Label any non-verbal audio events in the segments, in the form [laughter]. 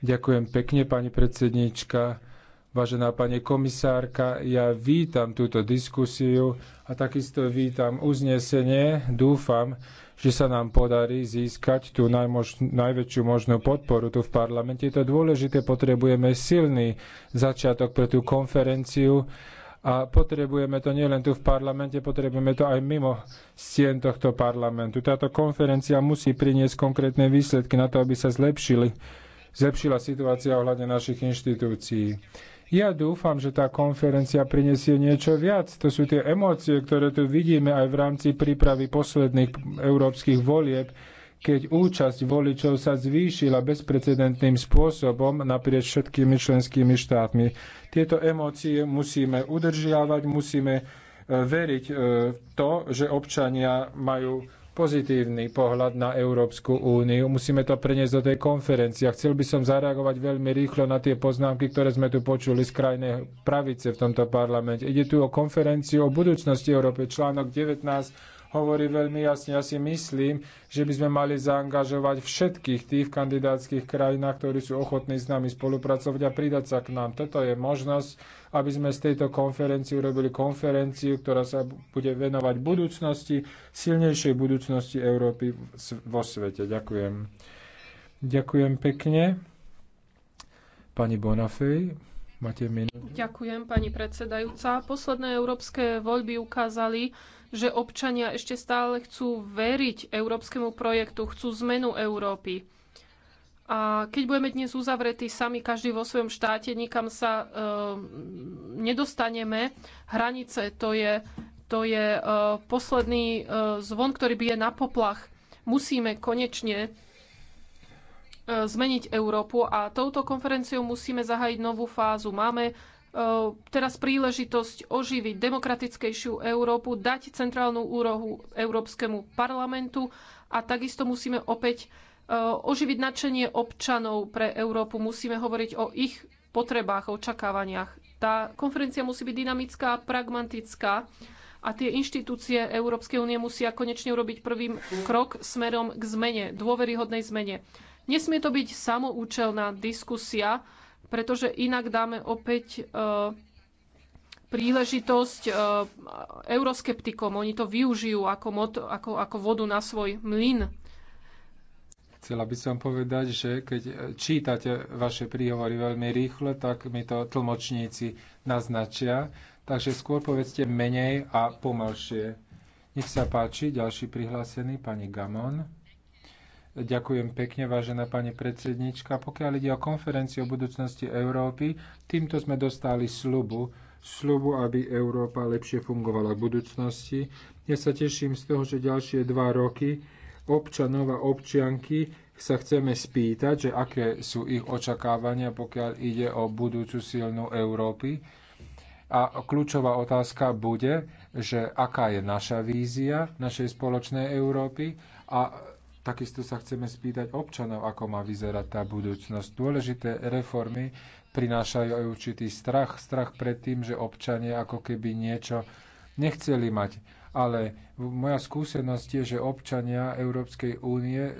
Ďakujem pekne, pani predsednička. Vážená pani komisárka, ja vítam túto diskusiu a takisto vítam uznesenie. Dúfam, že sa nám podarí získať tú najmož- najväčšiu možnú podporu tu v parlamente. Je to dôležité, potrebujeme silný začiatok pre tú konferenciu a potrebujeme to nielen tu v parlamente, potrebujeme to aj mimo stien tohto parlamentu. Táto konferencia musí priniesť konkrétne výsledky na to, aby sa zlepšili, zlepšila situácia ohľadne našich inštitúcií. Ja dúfam, že tá konferencia prinesie niečo viac. To sú tie emócie, ktoré tu vidíme aj v rámci prípravy posledných európskych volieb keď účasť voličov sa zvýšila bezprecedentným spôsobom naprieč všetkými členskými štátmi. Tieto emócie musíme udržiavať, musíme e, veriť e, v to, že občania majú pozitívny pohľad na Európsku úniu. Musíme to preniesť do tej konferencie. A chcel by som zareagovať veľmi rýchlo na tie poznámky, ktoré sme tu počuli z krajnej pravice v tomto parlamente. Ide tu o konferenciu o budúcnosti Európy, článok 19 hovorí veľmi jasne. Ja si myslím, že by sme mali zaangažovať všetkých tých kandidátskych krajinách, ktorí sú ochotní s nami spolupracovať a pridať sa k nám. Toto je možnosť, aby sme z tejto konferencie urobili konferenciu, ktorá sa bude venovať budúcnosti, silnejšej budúcnosti Európy vo svete. Ďakujem. Ďakujem pekne. Pani Bonafej, máte minútu. Ďakujem, pani predsedajúca. Posledné európske voľby ukázali, že občania ešte stále chcú veriť európskemu projektu, chcú zmenu Európy. A keď budeme dnes uzavretí sami, každý vo svojom štáte, nikam sa e, nedostaneme. Hranice to je, to je e, posledný e, zvon, ktorý bije na poplach. Musíme konečne e, zmeniť Európu a touto konferenciou musíme zahájiť novú fázu. Máme teraz príležitosť oživiť demokratickejšiu Európu, dať centrálnu úrohu Európskemu parlamentu a takisto musíme opäť oživiť nadšenie občanov pre Európu. Musíme hovoriť o ich potrebách, očakávaniach. Tá konferencia musí byť dynamická, pragmatická a tie inštitúcie Európskej únie musia konečne urobiť prvým krok smerom k zmene, dôveryhodnej zmene. Nesmie to byť samoučelná diskusia, pretože inak dáme opäť e, príležitosť e, euroskeptikom. Oni to využijú ako, mod, ako, ako vodu na svoj mlyn. Chcela by som povedať, že keď čítate vaše príhovory veľmi rýchle, tak mi to tlmočníci naznačia. Takže skôr povedzte menej a pomalšie. Nech sa páči, ďalší prihlásený, pani Gamon. Ďakujem pekne, vážená pani predsednička. Pokiaľ ide o konferenciu o budúcnosti Európy, týmto sme dostali slubu, slubu, aby Európa lepšie fungovala v budúcnosti. Ja sa teším z toho, že ďalšie dva roky občanov a občianky sa chceme spýtať, že aké sú ich očakávania, pokiaľ ide o budúcu silnú Európy. A kľúčová otázka bude, že aká je naša vízia našej spoločnej Európy a Takisto sa chceme spýtať občanov, ako má vyzerať tá budúcnosť. Dôležité reformy prinášajú aj určitý strach. Strach pred tým, že občania ako keby niečo nechceli mať. Ale moja skúsenosť je, že občania Európskej únie e,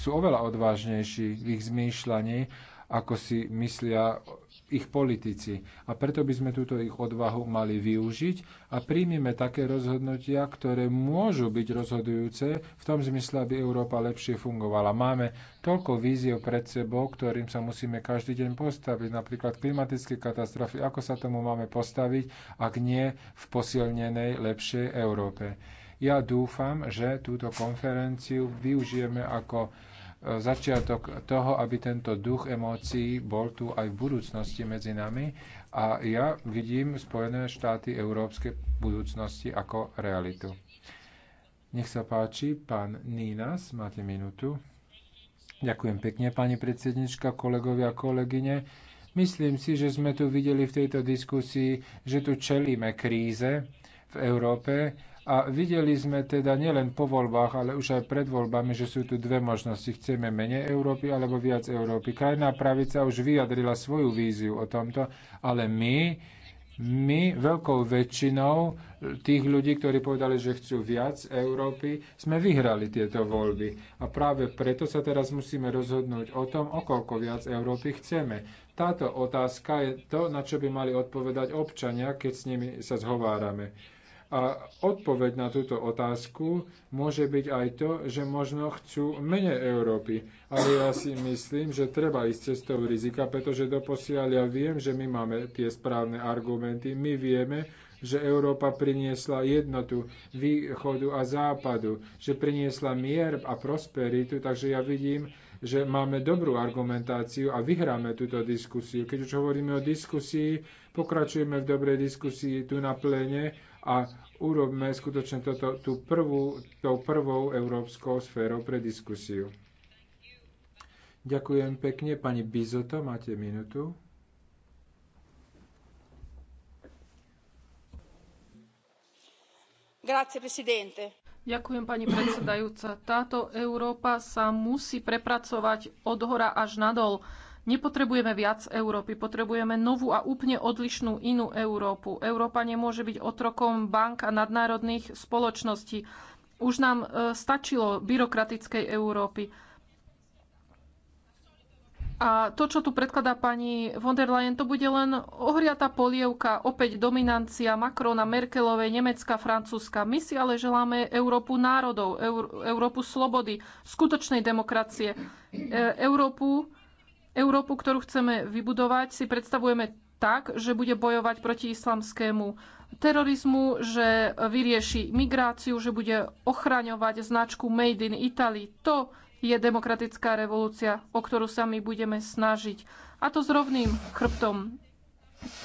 sú oveľa odvážnejší v ich zmýšľaní, ako si myslia ich politici. A preto by sme túto ich odvahu mali využiť a príjmime také rozhodnutia, ktoré môžu byť rozhodujúce v tom zmysle, aby Európa lepšie fungovala. Máme toľko víziev pred sebou, ktorým sa musíme každý deň postaviť. Napríklad klimatické katastrofy, ako sa tomu máme postaviť, ak nie v posilnenej, lepšej Európe. Ja dúfam, že túto konferenciu využijeme ako E, začiatok toho, aby tento duch emócií bol tu aj v budúcnosti medzi nami a ja vidím Spojené štáty európske budúcnosti ako realitu. Nech sa páči, pán Nínas, máte minútu. Ďakujem pekne, pani predsednička, kolegovia, kolegyne. Myslím si, že sme tu videli v tejto diskusii, že tu čelíme kríze v Európe a videli sme teda nielen po voľbách, ale už aj pred voľbami, že sú tu dve možnosti. Chceme menej Európy alebo viac Európy. Krajná pravica už vyjadrila svoju víziu o tomto, ale my, my veľkou väčšinou tých ľudí, ktorí povedali, že chcú viac Európy, sme vyhrali tieto voľby. A práve preto sa teraz musíme rozhodnúť o tom, o koľko viac Európy chceme. Táto otázka je to, na čo by mali odpovedať občania, keď s nimi sa zhovárame a odpoveď na túto otázku môže byť aj to, že možno chcú menej Európy. Ale ja si myslím, že treba ísť cestou rizika, pretože doposiaľ ja viem, že my máme tie správne argumenty. My vieme, že Európa priniesla jednotu východu a západu, že priniesla mier a prosperitu, takže ja vidím, že máme dobrú argumentáciu a vyhráme túto diskusiu. Keď už hovoríme o diskusii, pokračujeme v dobrej diskusii tu na pléne a urobme skutočne toto, tú prvú, tou prvou európskou sférou pre diskusiu. Ďakujem pekne. Pani Bizoto, máte minútu. Grazie, presidente. Ďakujem, pani predsedajúca. Táto Európa sa musí prepracovať od hora až nadol. Nepotrebujeme viac Európy, potrebujeme novú a úplne odlišnú inú Európu. Európa nemôže byť otrokom bank a nadnárodných spoločností. Už nám e, stačilo byrokratickej Európy. A to, čo tu predkladá pani von der Leyen, to bude len ohriata polievka, opäť dominancia Macrona, Merkelovej, Nemecka, Francúzska. My si ale želáme Európu národov, Európu slobody, skutočnej demokracie. E, Európu, Európu, ktorú chceme vybudovať, si predstavujeme tak, že bude bojovať proti islamskému terorizmu, že vyrieši migráciu, že bude ochraňovať značku Made in Italy. To, je demokratická revolúcia, o ktorú sa my budeme snažiť. A to s rovným chrbtom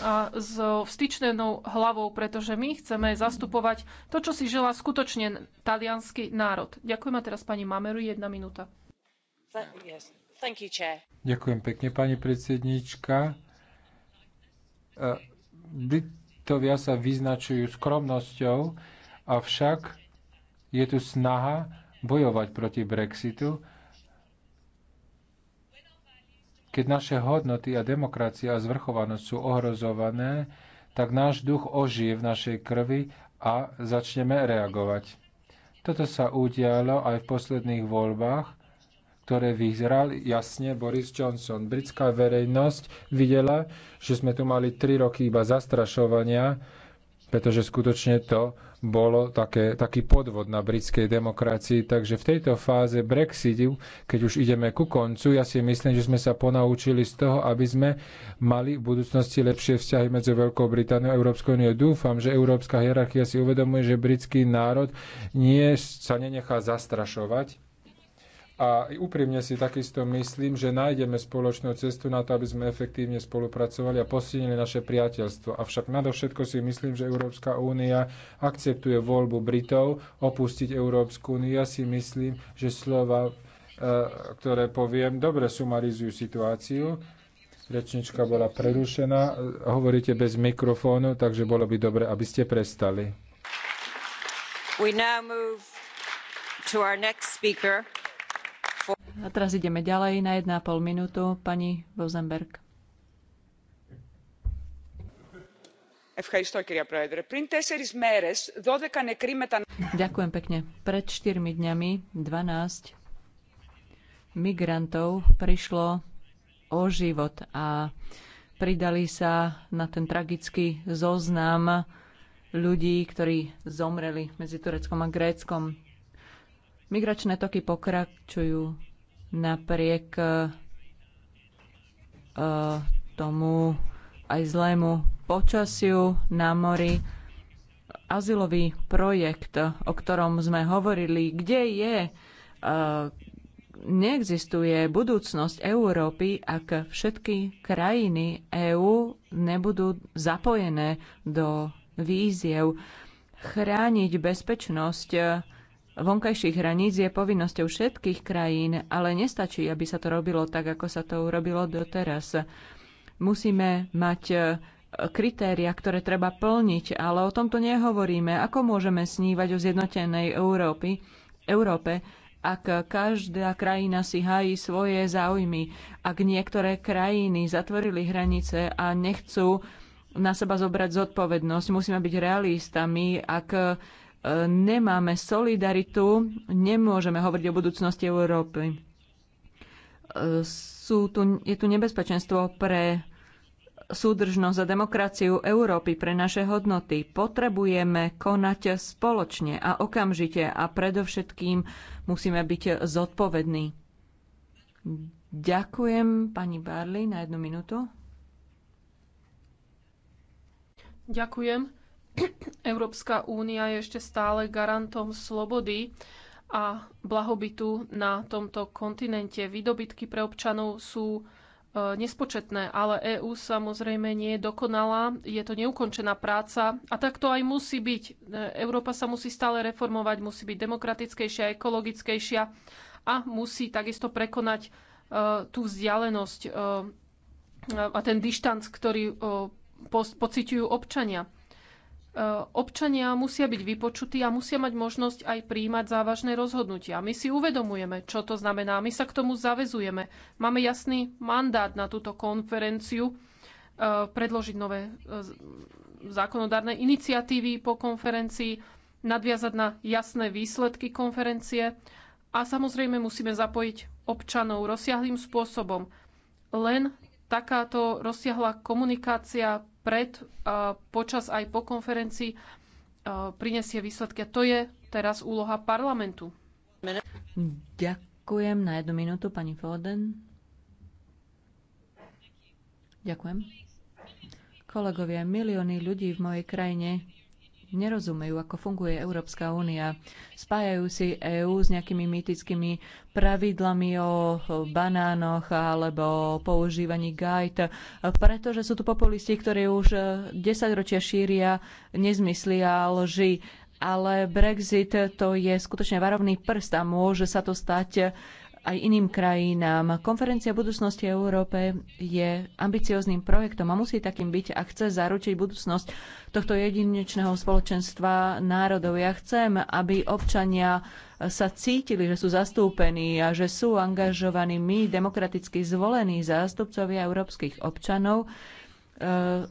a s vstyčnenou hlavou, pretože my chceme zastupovať to, čo si žela skutočne talianský národ. Ďakujem a teraz pani Mameru, jedna minúta. Ďakujem pekne, pani predsednička. Litovia sa vyznačujú skromnosťou, avšak je tu snaha bojovať proti Brexitu keď naše hodnoty a demokracia a zvrchovanosť sú ohrozované, tak náš duch ožije v našej krvi a začneme reagovať. Toto sa udialo aj v posledných voľbách, ktoré vyhral jasne Boris Johnson. Britská verejnosť videla, že sme tu mali tri roky iba zastrašovania, pretože skutočne to bolo také, taký podvod na britskej demokracii. Takže v tejto fáze Brexitu, keď už ideme ku koncu, ja si myslím, že sme sa ponaučili z toho, aby sme mali v budúcnosti lepšie vzťahy medzi Veľkou Britániou a Európskou úniou. Dúfam, že európska hierarchia si uvedomuje, že britský národ nie, sa nenechá zastrašovať a úprimne si takisto myslím, že nájdeme spoločnú cestu na to, aby sme efektívne spolupracovali a posilnili naše priateľstvo. Avšak nadovšetko si myslím, že Európska únia akceptuje voľbu Britov opustiť Európsku úniu. Ja si myslím, že slova, e, ktoré poviem, dobre sumarizujú situáciu. Rečnička bola prerušená. Hovoríte bez mikrofónu, takže bolo by dobre, aby ste prestali. We now move to our next speaker. A teraz ideme ďalej na 1,5 minútu. Pani Vozenberg. Ďakujem pekne. Pred 4 dňami 12 migrantov prišlo o život a pridali sa na ten tragický zoznam ľudí, ktorí zomreli medzi Tureckom a Gréckom. Migračné toky pokračujú napriek e, e, tomu aj zlému počasiu na mori. Azylový projekt, o ktorom sme hovorili, kde je, e, neexistuje budúcnosť Európy, ak všetky krajiny EÚ nebudú zapojené do víziev. Chrániť bezpečnosť vonkajších hraníc je povinnosťou všetkých krajín, ale nestačí, aby sa to robilo tak, ako sa to urobilo doteraz. Musíme mať e, kritéria, ktoré treba plniť, ale o tomto nehovoríme. Ako môžeme snívať o zjednotenej Európy, Európe, ak každá krajina si hájí svoje záujmy, ak niektoré krajiny zatvorili hranice a nechcú na seba zobrať zodpovednosť. Musíme byť realistami, ak nemáme solidaritu, nemôžeme hovoriť o budúcnosti Európy. Sú tu, je tu nebezpečenstvo pre súdržnosť a demokraciu Európy, pre naše hodnoty. Potrebujeme konať spoločne a okamžite a predovšetkým musíme byť zodpovední. Ďakujem pani Barley na jednu minútu. Ďakujem. Európska únia je ešte stále garantom slobody a blahobytu na tomto kontinente. Výdobytky pre občanov sú e, nespočetné, ale EÚ samozrejme nie je dokonalá, je to neukončená práca a tak to aj musí byť. E, Európa sa musí stále reformovať, musí byť demokratickejšia, ekologickejšia a musí takisto prekonať e, tú vzdialenosť a ten dištanc, ktorý pociťujú občania občania musia byť vypočutí a musia mať možnosť aj príjmať závažné rozhodnutia. My si uvedomujeme, čo to znamená. My sa k tomu zavezujeme. Máme jasný mandát na túto konferenciu e, predložiť nové e, zákonodárne iniciatívy po konferencii, nadviazať na jasné výsledky konferencie a samozrejme musíme zapojiť občanov rozsiahlým spôsobom. Len takáto rozsiahla komunikácia pred, a počas aj po konferencii prinesie výsledky. A to je teraz úloha parlamentu. Ďakujem. Na jednu minútu, pani Foden. Ďakujem. Kolegovia, milióny ľudí v mojej krajine nerozumejú, ako funguje Európska únia. Spájajú si EÚ s nejakými mýtickými pravidlami o banánoch alebo o používaní gajt, pretože sú tu populisti, ktorí už 10 ročia šíria nezmysly a lži. Ale Brexit to je skutočne varovný prst a môže sa to stať aj iným krajinám. Konferencia budúcnosti Európe je ambiciozným projektom a musí takým byť a chce zaručiť budúcnosť tohto jedinečného spoločenstva národov. Ja chcem, aby občania sa cítili, že sú zastúpení a že sú angažovaní my, demokraticky zvolení zástupcovia európskych občanov. Eh,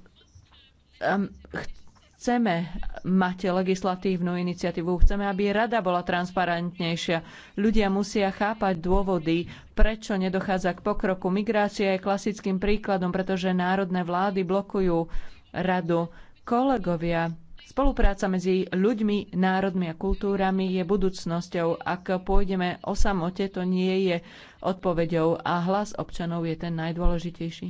chceme mať legislatívnu iniciatívu, chceme, aby rada bola transparentnejšia. Ľudia musia chápať dôvody, prečo nedochádza k pokroku. Migrácia je klasickým príkladom, pretože národné vlády blokujú radu. Kolegovia, Spolupráca medzi ľuďmi, národmi a kultúrami je budúcnosťou. Ak pôjdeme o samote, to nie je odpoveďou a hlas občanov je ten najdôležitejší.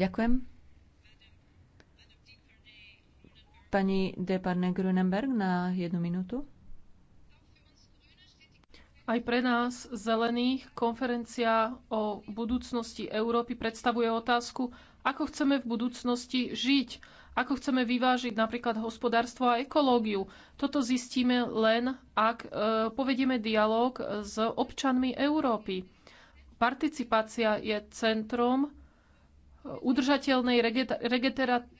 Ďakujem. Pani Deparne Grunenberg na jednu minútu. Aj pre nás, zelených, konferencia o budúcnosti Európy predstavuje otázku, ako chceme v budúcnosti žiť, ako chceme vyvážiť napríklad hospodárstvo a ekológiu. Toto zistíme len, ak e, povedieme dialog s občanmi Európy. Participácia je centrom udržateľnej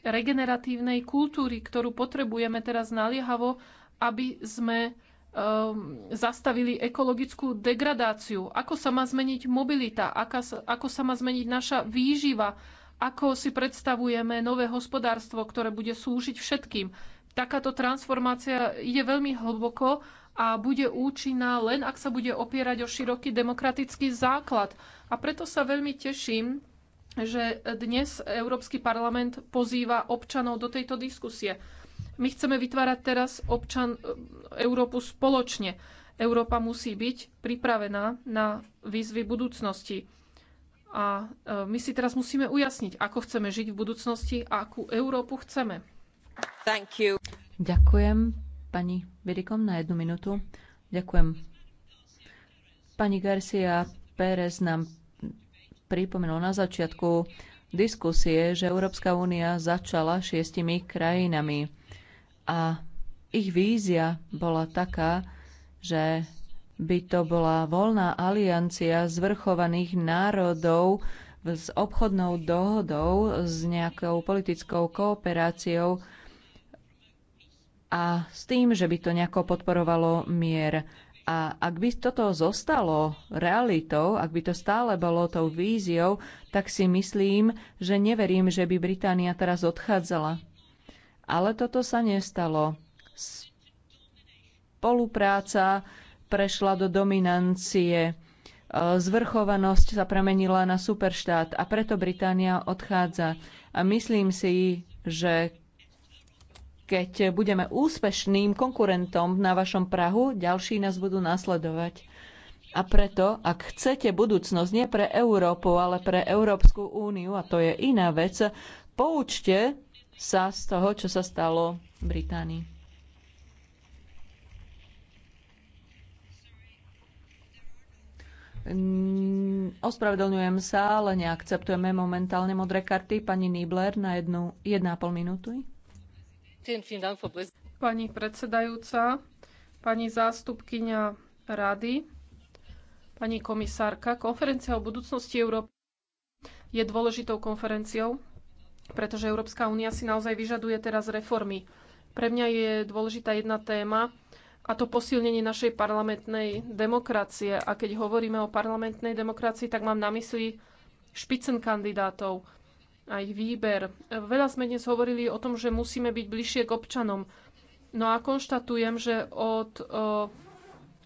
regeneratívnej kultúry, ktorú potrebujeme teraz naliehavo, aby sme um, zastavili ekologickú degradáciu. Ako sa má zmeniť mobilita? Ako sa má zmeniť naša výživa? Ako si predstavujeme nové hospodárstvo, ktoré bude slúžiť všetkým? Takáto transformácia ide veľmi hlboko a bude účinná len ak sa bude opierať o široký demokratický základ. A preto sa veľmi teším, že dnes Európsky parlament pozýva občanov do tejto diskusie. My chceme vytvárať teraz občan Európu spoločne. Európa musí byť pripravená na výzvy budúcnosti. A e, my si teraz musíme ujasniť, ako chceme žiť v budúcnosti a akú Európu chceme. Thank you. Ďakujem pani Birikom na jednu minútu. Ďakujem. Pani Garcia Pérez nám pripomenul na začiatku diskusie, že Európska únia začala šiestimi krajinami a ich vízia bola taká, že by to bola voľná aliancia zvrchovaných národov s obchodnou dohodou, s nejakou politickou kooperáciou a s tým, že by to nejako podporovalo mier. A ak by toto zostalo realitou, ak by to stále bolo tou víziou, tak si myslím, že neverím, že by Británia teraz odchádzala. Ale toto sa nestalo. Spolupráca prešla do dominancie, e, zvrchovanosť sa premenila na superštát a preto Británia odchádza. A myslím si, že keď budeme úspešným konkurentom na vašom Prahu, ďalší nás budú nasledovať. A preto, ak chcete budúcnosť nie pre Európu, ale pre Európsku úniu, a to je iná vec, poučte sa z toho, čo sa stalo v Británii. Mm, ospravedlňujem sa, ale neakceptujeme momentálne modré karty. Pani Nibler na jednu, 1,5 minúty. Pani predsedajúca, pani zástupkyňa rady, pani komisárka, konferencia o budúcnosti Európy je dôležitou konferenciou, pretože Európska únia si naozaj vyžaduje teraz reformy. Pre mňa je dôležitá jedna téma, a to posilnenie našej parlamentnej demokracie. A keď hovoríme o parlamentnej demokracii, tak mám na mysli špicen kandidátov, a ich výber. Veľa sme dnes hovorili o tom, že musíme byť bližšie k občanom. No a konštatujem, že od e,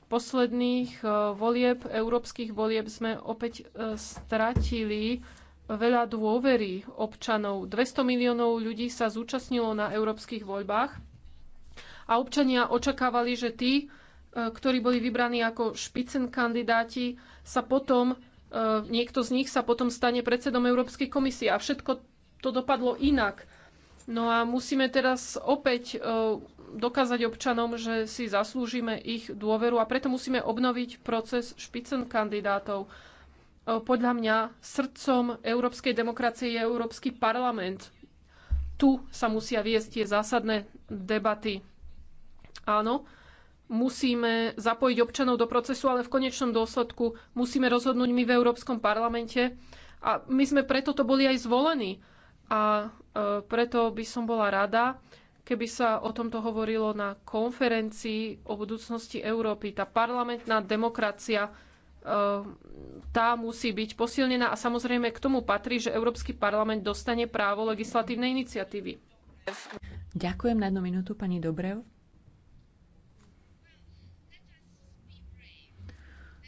posledných e, volieb, európskych volieb, sme opäť e, stratili veľa dôvery občanov. 200 miliónov ľudí sa zúčastnilo na európskych voľbách a občania očakávali, že tí, ktorí boli vybraní ako špicen kandidáti, sa potom E, niekto z nich sa potom stane predsedom Európskej komisie a všetko to dopadlo inak. No a musíme teraz opäť e, dokázať občanom, že si zaslúžime ich dôveru a preto musíme obnoviť proces špicen kandidátov. E, podľa mňa srdcom európskej demokracie je Európsky parlament. Tu sa musia viesť tie zásadné debaty. Áno, musíme zapojiť občanov do procesu, ale v konečnom dôsledku musíme rozhodnúť my v Európskom parlamente. A my sme preto to boli aj zvolení. A e, preto by som bola rada, keby sa o tomto hovorilo na konferencii o budúcnosti Európy. Tá parlamentná demokracia, e, tá musí byť posilnená a samozrejme k tomu patrí, že Európsky parlament dostane právo legislatívnej iniciatívy. Ďakujem na jednu minútu, pani Dobrev.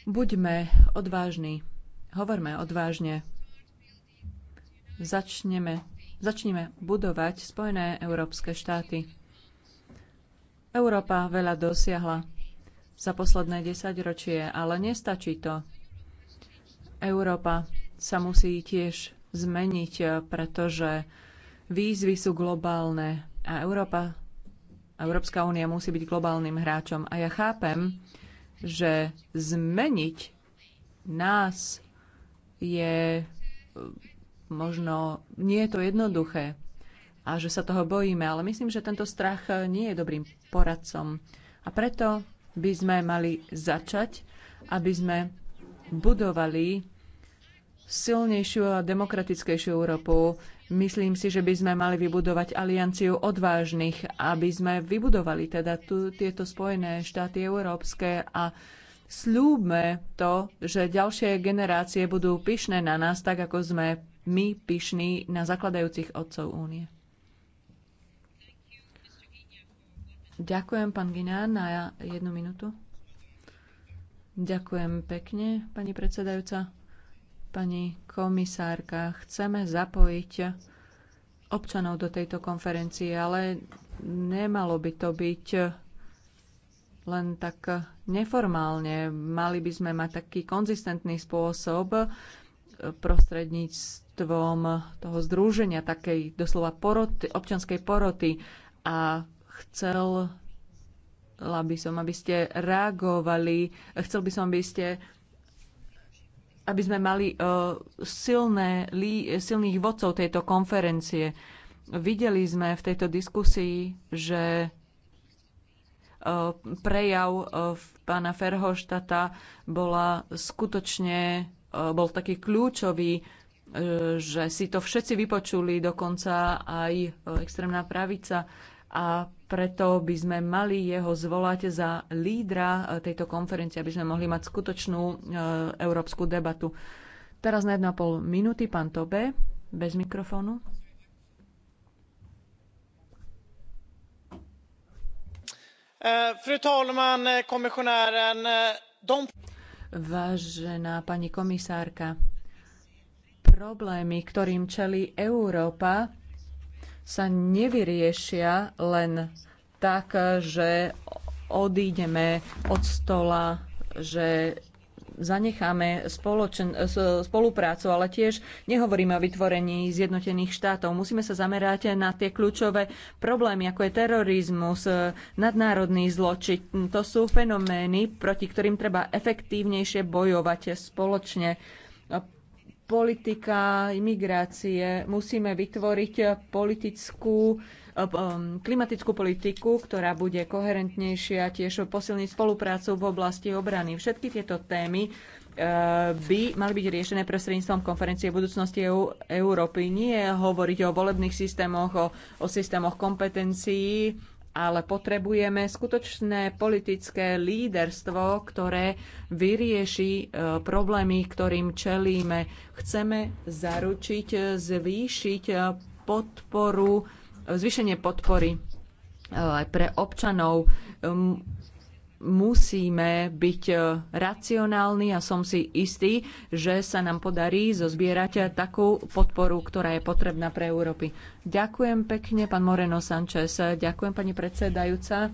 Buďme odvážni. Hovorme odvážne. Začneme, začneme budovať Spojené európske štáty. Európa veľa dosiahla za posledné desaťročie, ale nestačí to. Európa sa musí tiež zmeniť, pretože výzvy sú globálne a Európa, Európska únia musí byť globálnym hráčom. A ja chápem, že zmeniť nás je e, možno nie je to jednoduché a že sa toho bojíme, ale myslím, že tento strach e, nie je dobrým poradcom. A preto by sme mali začať, aby sme budovali silnejšiu a demokratickejšiu Európu, Myslím si, že by sme mali vybudovať alianciu odvážnych, aby sme vybudovali teda tu, tieto Spojené štáty európske a slúbme to, že ďalšie generácie budú pyšné na nás, tak ako sme my pyšní na zakladajúcich otcov únie. Ďakujem, pán Ginán, na jednu minútu. Ďakujem pekne, pani predsedajúca pani komisárka, chceme zapojiť občanov do tejto konferencie, ale nemalo by to byť len tak neformálne. Mali by sme mať taký konzistentný spôsob prostredníctvom toho združenia, takej doslova poroty, občanskej poroty. A chcel by som, aby ste reagovali, chcel by som, aby ste aby sme mali e, silné, silných vodcov tejto konferencie. Videli sme v tejto diskusii, že e, prejav e, pána Ferhoštata bola skutočne, bol taký kľúčový, že si to všetci vypočuli, dokonca aj extrémna pravica. A preto by sme mali jeho zvolať za lídra e, tejto konferencie, aby sme mohli mať skutočnú e, európsku debatu. Teraz na 1,5 minúty pán Tobe, bez mikrofónu. E, fru talman, Vážená pani komisárka, problémy, ktorým čelí Európa, sa nevyriešia len tak, že odídeme od stola, že zanecháme spoločen, spoluprácu, ale tiež nehovoríme o vytvorení zjednotených štátov. Musíme sa zamerať na tie kľúčové problémy, ako je terorizmus, nadnárodný zločin. To sú fenomény, proti ktorým treba efektívnejšie bojovať spoločne politika imigrácie. Musíme vytvoriť politickú, eh, klimatickú politiku, ktorá bude koherentnejšia, tiež posilniť spoluprácu v oblasti obrany. Všetky tieto témy eh, by mali byť riešené prostredníctvom konferencie budúcnosti EU, Európy. Nie hovoriť o volebných systémoch, o, o systémoch kompetencií, ale potrebujeme skutočné politické líderstvo, ktoré vyrieši e, problémy, ktorým čelíme. Chceme zaručiť, e, zvýšiť e, podporu, zvýšenie podpory aj pre občanov musíme byť e, racionálni a som si istý, že sa nám podarí zozbierať takú podporu, ktorá je potrebná pre Európy. Ďakujem pekne, pán Moreno Sanchez. Ďakujem, pani predsedajúca.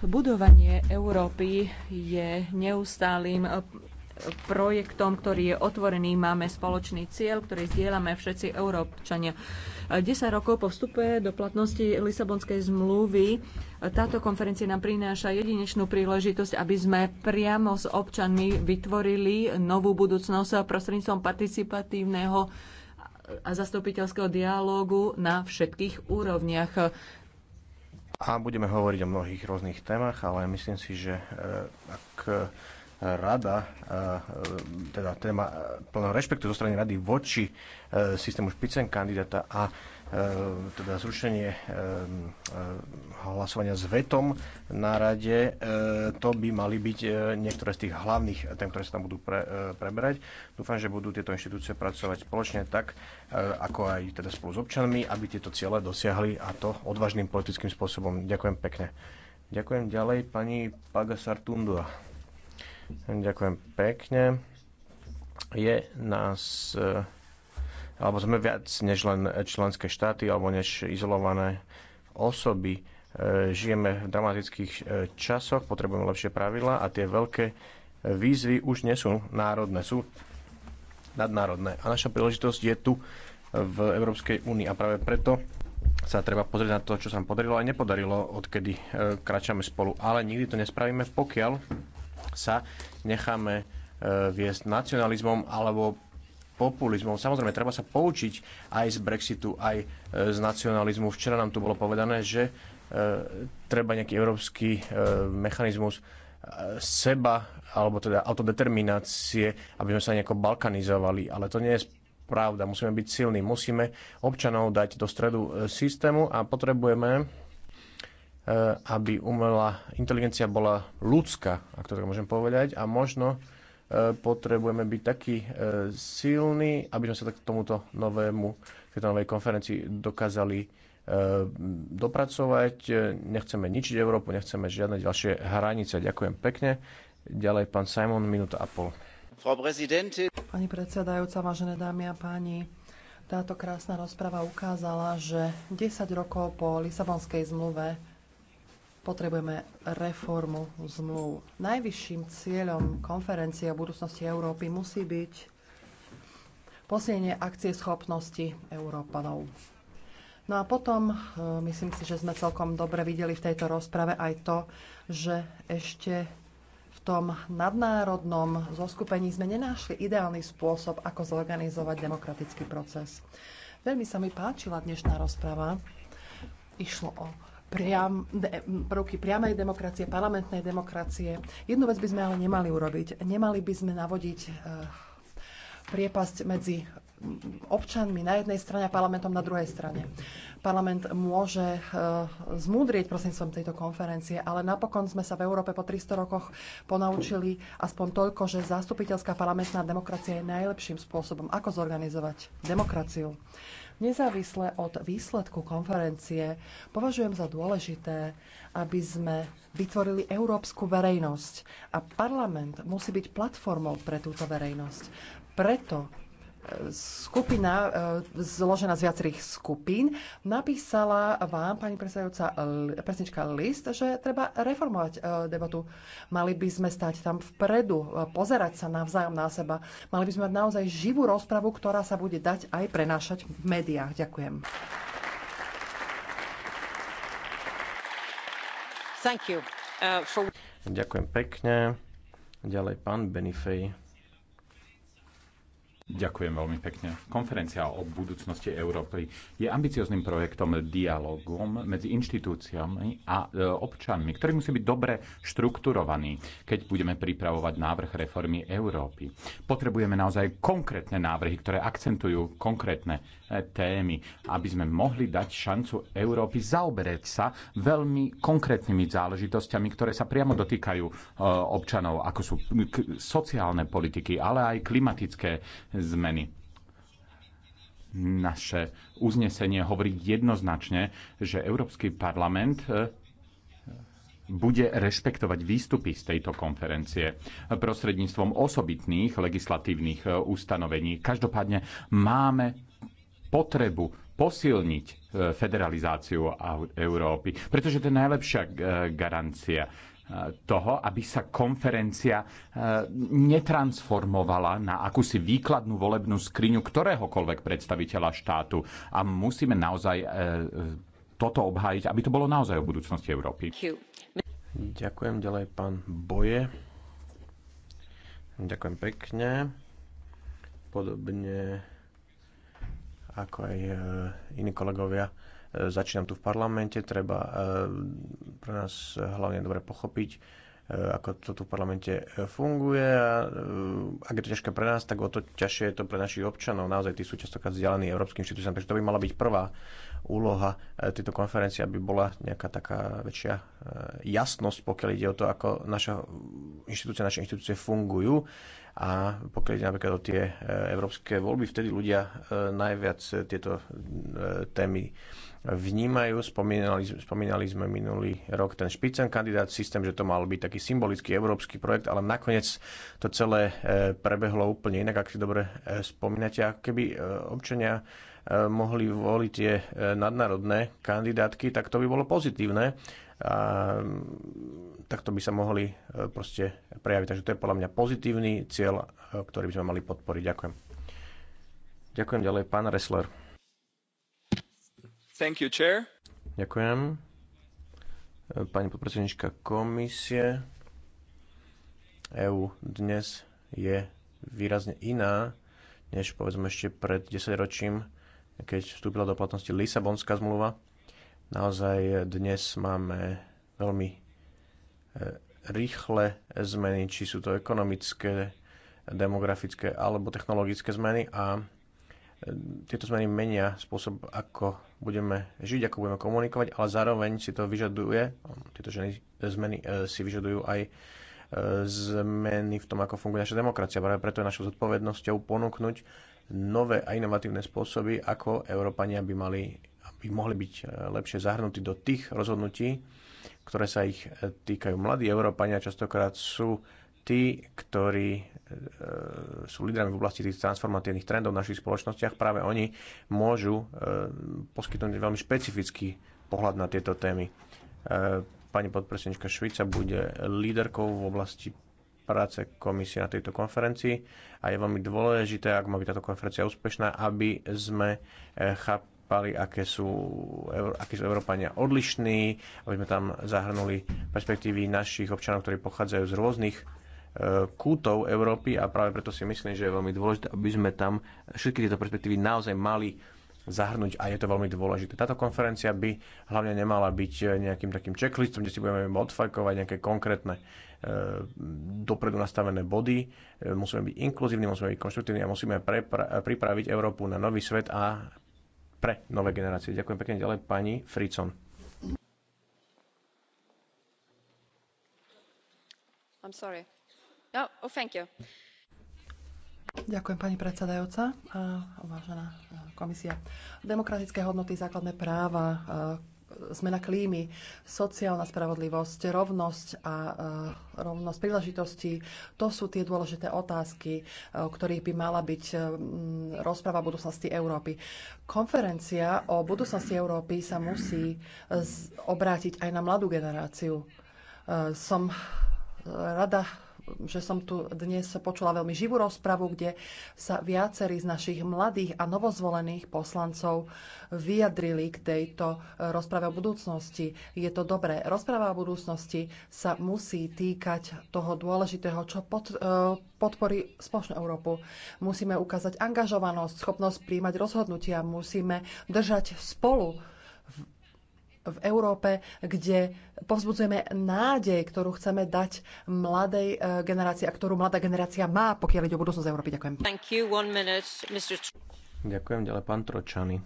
Budovanie Európy je neustálým projektom, ktorý je otvorený. Máme spoločný cieľ, ktorý zdieľame všetci Európčania. 10 rokov po vstupe do platnosti Lisabonskej zmluvy táto konferencia nám prináša jedinečnú príležitosť, aby sme priamo s občanmi vytvorili novú budúcnosť prostredníctvom participatívneho a zastupiteľského dialógu na všetkých úrovniach a budeme hovoriť o mnohých rôznych témach, ale myslím si, že eh, ak rada, e, e, teda téma e, plného rešpektu zo strany rady voči systému špicen kandidáta a teda zrušenie hlasovania s vetom na rade, to by mali byť niektoré z tých hlavných tém, ktoré sa tam budú pre, preberať. Dúfam, že budú tieto inštitúcie pracovať spoločne tak, ako aj teda spolu s občanmi, aby tieto ciele dosiahli a to odvážnym politickým spôsobom. Ďakujem pekne. Ďakujem ďalej pani Pagasar Tundua. Ďakujem pekne. Je nás, e, alebo sme viac než len členské štáty, alebo než izolované osoby. E, žijeme v dramatických e, časoch, potrebujeme lepšie pravidla a tie veľké výzvy už nie sú národné, sú nadnárodné. A naša príležitosť je tu v Európskej únii a práve preto sa treba pozrieť na to, čo sa nám podarilo a nepodarilo, odkedy kračame spolu. Ale nikdy to nespravíme, pokiaľ sa necháme e, viesť nacionalizmom alebo populizmom. Samozrejme, treba sa poučiť aj z Brexitu, aj e, z nacionalizmu. Včera nám tu bolo povedané, že e, treba nejaký európsky mechanizmus seba, alebo teda autodeterminácie, aby sme sa nejako balkanizovali. Ale to nie je pravda. Musíme byť silní, musíme občanov dať do stredu systému a potrebujeme Eh, aby umelá inteligencia bola ľudská, ak to tak môžem povedať, a možno eh, potrebujeme byť taký eh, silní, aby sme sa tak k tomuto novému, tejto novej konferencii dokázali dopracovať. Nechceme ničiť Európu, nechceme žiadne ďalšie hranice. Ďakujem pekne. Ďalej pán Simon, minúta a pol. Pani predsedajúca, vážené dámy a páni, táto krásna rozprava ukázala, že 10 rokov po Lisabonskej zmluve potrebujeme reformu zmluv. Najvyšším cieľom konferencie o budúcnosti Európy musí byť posilnenie akcie schopnosti Európanov. No a potom e, myslím si, že sme celkom dobre videli v tejto rozprave aj to, že ešte v tom nadnárodnom zoskupení sme nenášli ideálny spôsob, ako zorganizovať demokratický proces. Veľmi sa mi páčila dnešná rozprava. Išlo o priam, de, prvky priamej demokracie, parlamentnej demokracie. Jednu vec by sme ale nemali urobiť. Nemali by sme navodiť e, priepasť medzi občanmi na jednej strane a parlamentom na druhej strane. Parlament môže e, zmúdrieť prosím tejto konferencie, ale napokon sme sa v Európe po 300 rokoch ponaučili aspoň toľko, že zastupiteľská parlamentná demokracia je najlepším spôsobom, ako zorganizovať demokraciu. Nezávisle od výsledku konferencie považujem za dôležité, aby sme vytvorili európsku verejnosť a parlament musí byť platformou pre túto verejnosť. Preto skupina e, zložená z viacerých skupín napísala vám, pani predsedajúca, presnička list, že treba reformovať e, debatu. Mali by sme stať tam vpredu, e, pozerať sa navzájom na seba. Mali by sme mať naozaj živú rozpravu, ktorá sa bude dať aj prenášať v médiách. Ďakujem. Thank you, uh, for... Ďakujem pekne. Ďalej pán Benifej. Ďakujem veľmi pekne. Konferencia o budúcnosti Európy je ambiciozným projektom dialogom medzi inštitúciami a e, občanmi, ktorý musí byť dobre štrukturovaný, keď budeme pripravovať návrh reformy Európy. Potrebujeme naozaj konkrétne návrhy, ktoré akcentujú konkrétne témy, aby sme mohli dať šancu Európy zaoberať sa veľmi konkrétnymi záležitosťami, ktoré sa priamo dotýkajú e, občanov, ako sú sociálne politiky, ale aj klimatické zmeny. Naše uznesenie hovorí jednoznačne, že Európsky parlament e, bude rešpektovať výstupy z tejto konferencie prostredníctvom osobitných legislatívnych e, ustanovení. Každopádne máme potrebu posilniť e, federalizáciu Európy, pretože to je najlepšia e, garancia e, toho, aby sa konferencia netransformovala na akúsi výkladnú volebnú skriňu ktoréhokoľvek predstaviteľa štátu. A musíme naozaj toto obhájiť, aby to bolo naozaj o budúcnosti Európy. Ďakujem ďalej pán Boje. Ďakujem pekne. Podobne ako aj e, iní kolegovia, e, začínam tu v parlamente, treba e, pre nás hlavne dobre pochopiť, ako to tu v parlamente funguje a ak je to ťažké pre nás, tak o to ťažšie je to pre našich občanov. Naozaj tí sú častokrát vzdialení európskym inštitúciám, takže to by mala byť prvá úloha e, tejto konferencie, aby bola nejaká taká väčšia e, jasnosť, pokiaľ ide o to, ako naša inštitúcia, naše inštitúcie fungujú a pokiaľ ide napríklad o tie e, európske voľby, vtedy ľudia najviac tieto témy vnímajú. Spomínali, spomínali sme minulý rok ten špicen kandidát systém, že to mal byť taký symbolický európsky projekt, ale nakoniec to celé prebehlo úplne inak, ak si dobre spomínate. A keby občania mohli voliť tie e, nadnárodné kandidátky, tak to by bolo pozitívne. A mm, takto by sa mohli e, proste prejaviť. Takže to je podľa mňa pozitívny cieľ, e, ktorý by sme mali podporiť. Ďakujem. Ďakujem ďalej, pán Ressler. Thank you, chair. Ďakujem. Pani podpredsednička komisie, EÚ dnes je výrazne iná, než povedzme ešte pred 10 ročím keď vstúpila do platnosti Lisabonská zmluva. Naozaj dnes máme veľmi e, rýchle zmeny, či sú to ekonomické, demografické alebo technologické zmeny a e, tieto zmeny menia spôsob, ako budeme žiť, ako budeme komunikovať, ale zároveň si to vyžaduje, tieto ženy, zmeny e, si vyžadujú aj zmeny v tom, ako funguje naša demokracia. Práve preto je našou zodpovednosťou ponúknuť nové a inovatívne spôsoby, ako Európania by, mali, by mohli byť e, lepšie zahrnutí do tých rozhodnutí, ktoré sa ich e, týkajú. Mladí Európania častokrát sú tí, ktorí e, sú lídrami v oblasti tých transformatívnych trendov v našich spoločnostiach. Práve oni môžu poskytnúť veľmi špecifický pohľad na tieto témy. pani podpredsednička Švica bude líderkou v oblasti práce komisie na tejto konferencii a je veľmi dôležité, ak má byť táto konferencia úspešná, aby sme eh, chápali, aké sú, aké sú Európania odlišní, aby sme tam zahrnuli perspektívy našich občanov, ktorí pochádzajú z rôznych eh, kútov Európy a práve preto si myslím, že je veľmi dôležité, aby sme tam všetky tieto perspektívy naozaj mali zahrnúť a je to veľmi dôležité. Táto konferencia by hlavne nemala byť eh, nejakým takým checklistom, kde si budeme odfajkovať nejaké konkrétne E, dopredu nastavené body, e, musíme byť inkluzívni, musíme byť konštruktívni a musíme pripraviť Európu na nový svet a pre nové generácie. Ďakujem pekne ďalej pani Fricon. I'm sorry. No, oh, thank you. Ďakujem pani predsedajúca, a vážená e, komisia. Demokratické hodnoty, základné práva, zmena klímy, sociálna spravodlivosť, rovnosť a e, rovnosť príležitosti, To sú tie dôležité otázky, e, o ktorých by mala byť e, rozpráva o budúcnosti Európy. Konferencia o budúcnosti Európy sa musí obrátiť aj na mladú generáciu. Som rada že som tu dnes počula veľmi živú rozpravu, kde sa viacerí z našich mladých a novozvolených poslancov vyjadrili k tejto e, rozprave o budúcnosti. Je to dobré. Rozpráva o budúcnosti sa musí týkať toho dôležitého, čo pod, e, podporí spoločnú Európu. Musíme ukázať angažovanosť, schopnosť príjmať rozhodnutia, musíme držať spolu v Európe, kde povzbudzujeme nádej, ktorú chceme dať mladej eh, generácii a ktorú mladá generácia má, pokiaľ ide o budúcnosť Európy. Ďakujem. You, minute, Ďakujem ďalej, pán Tročany.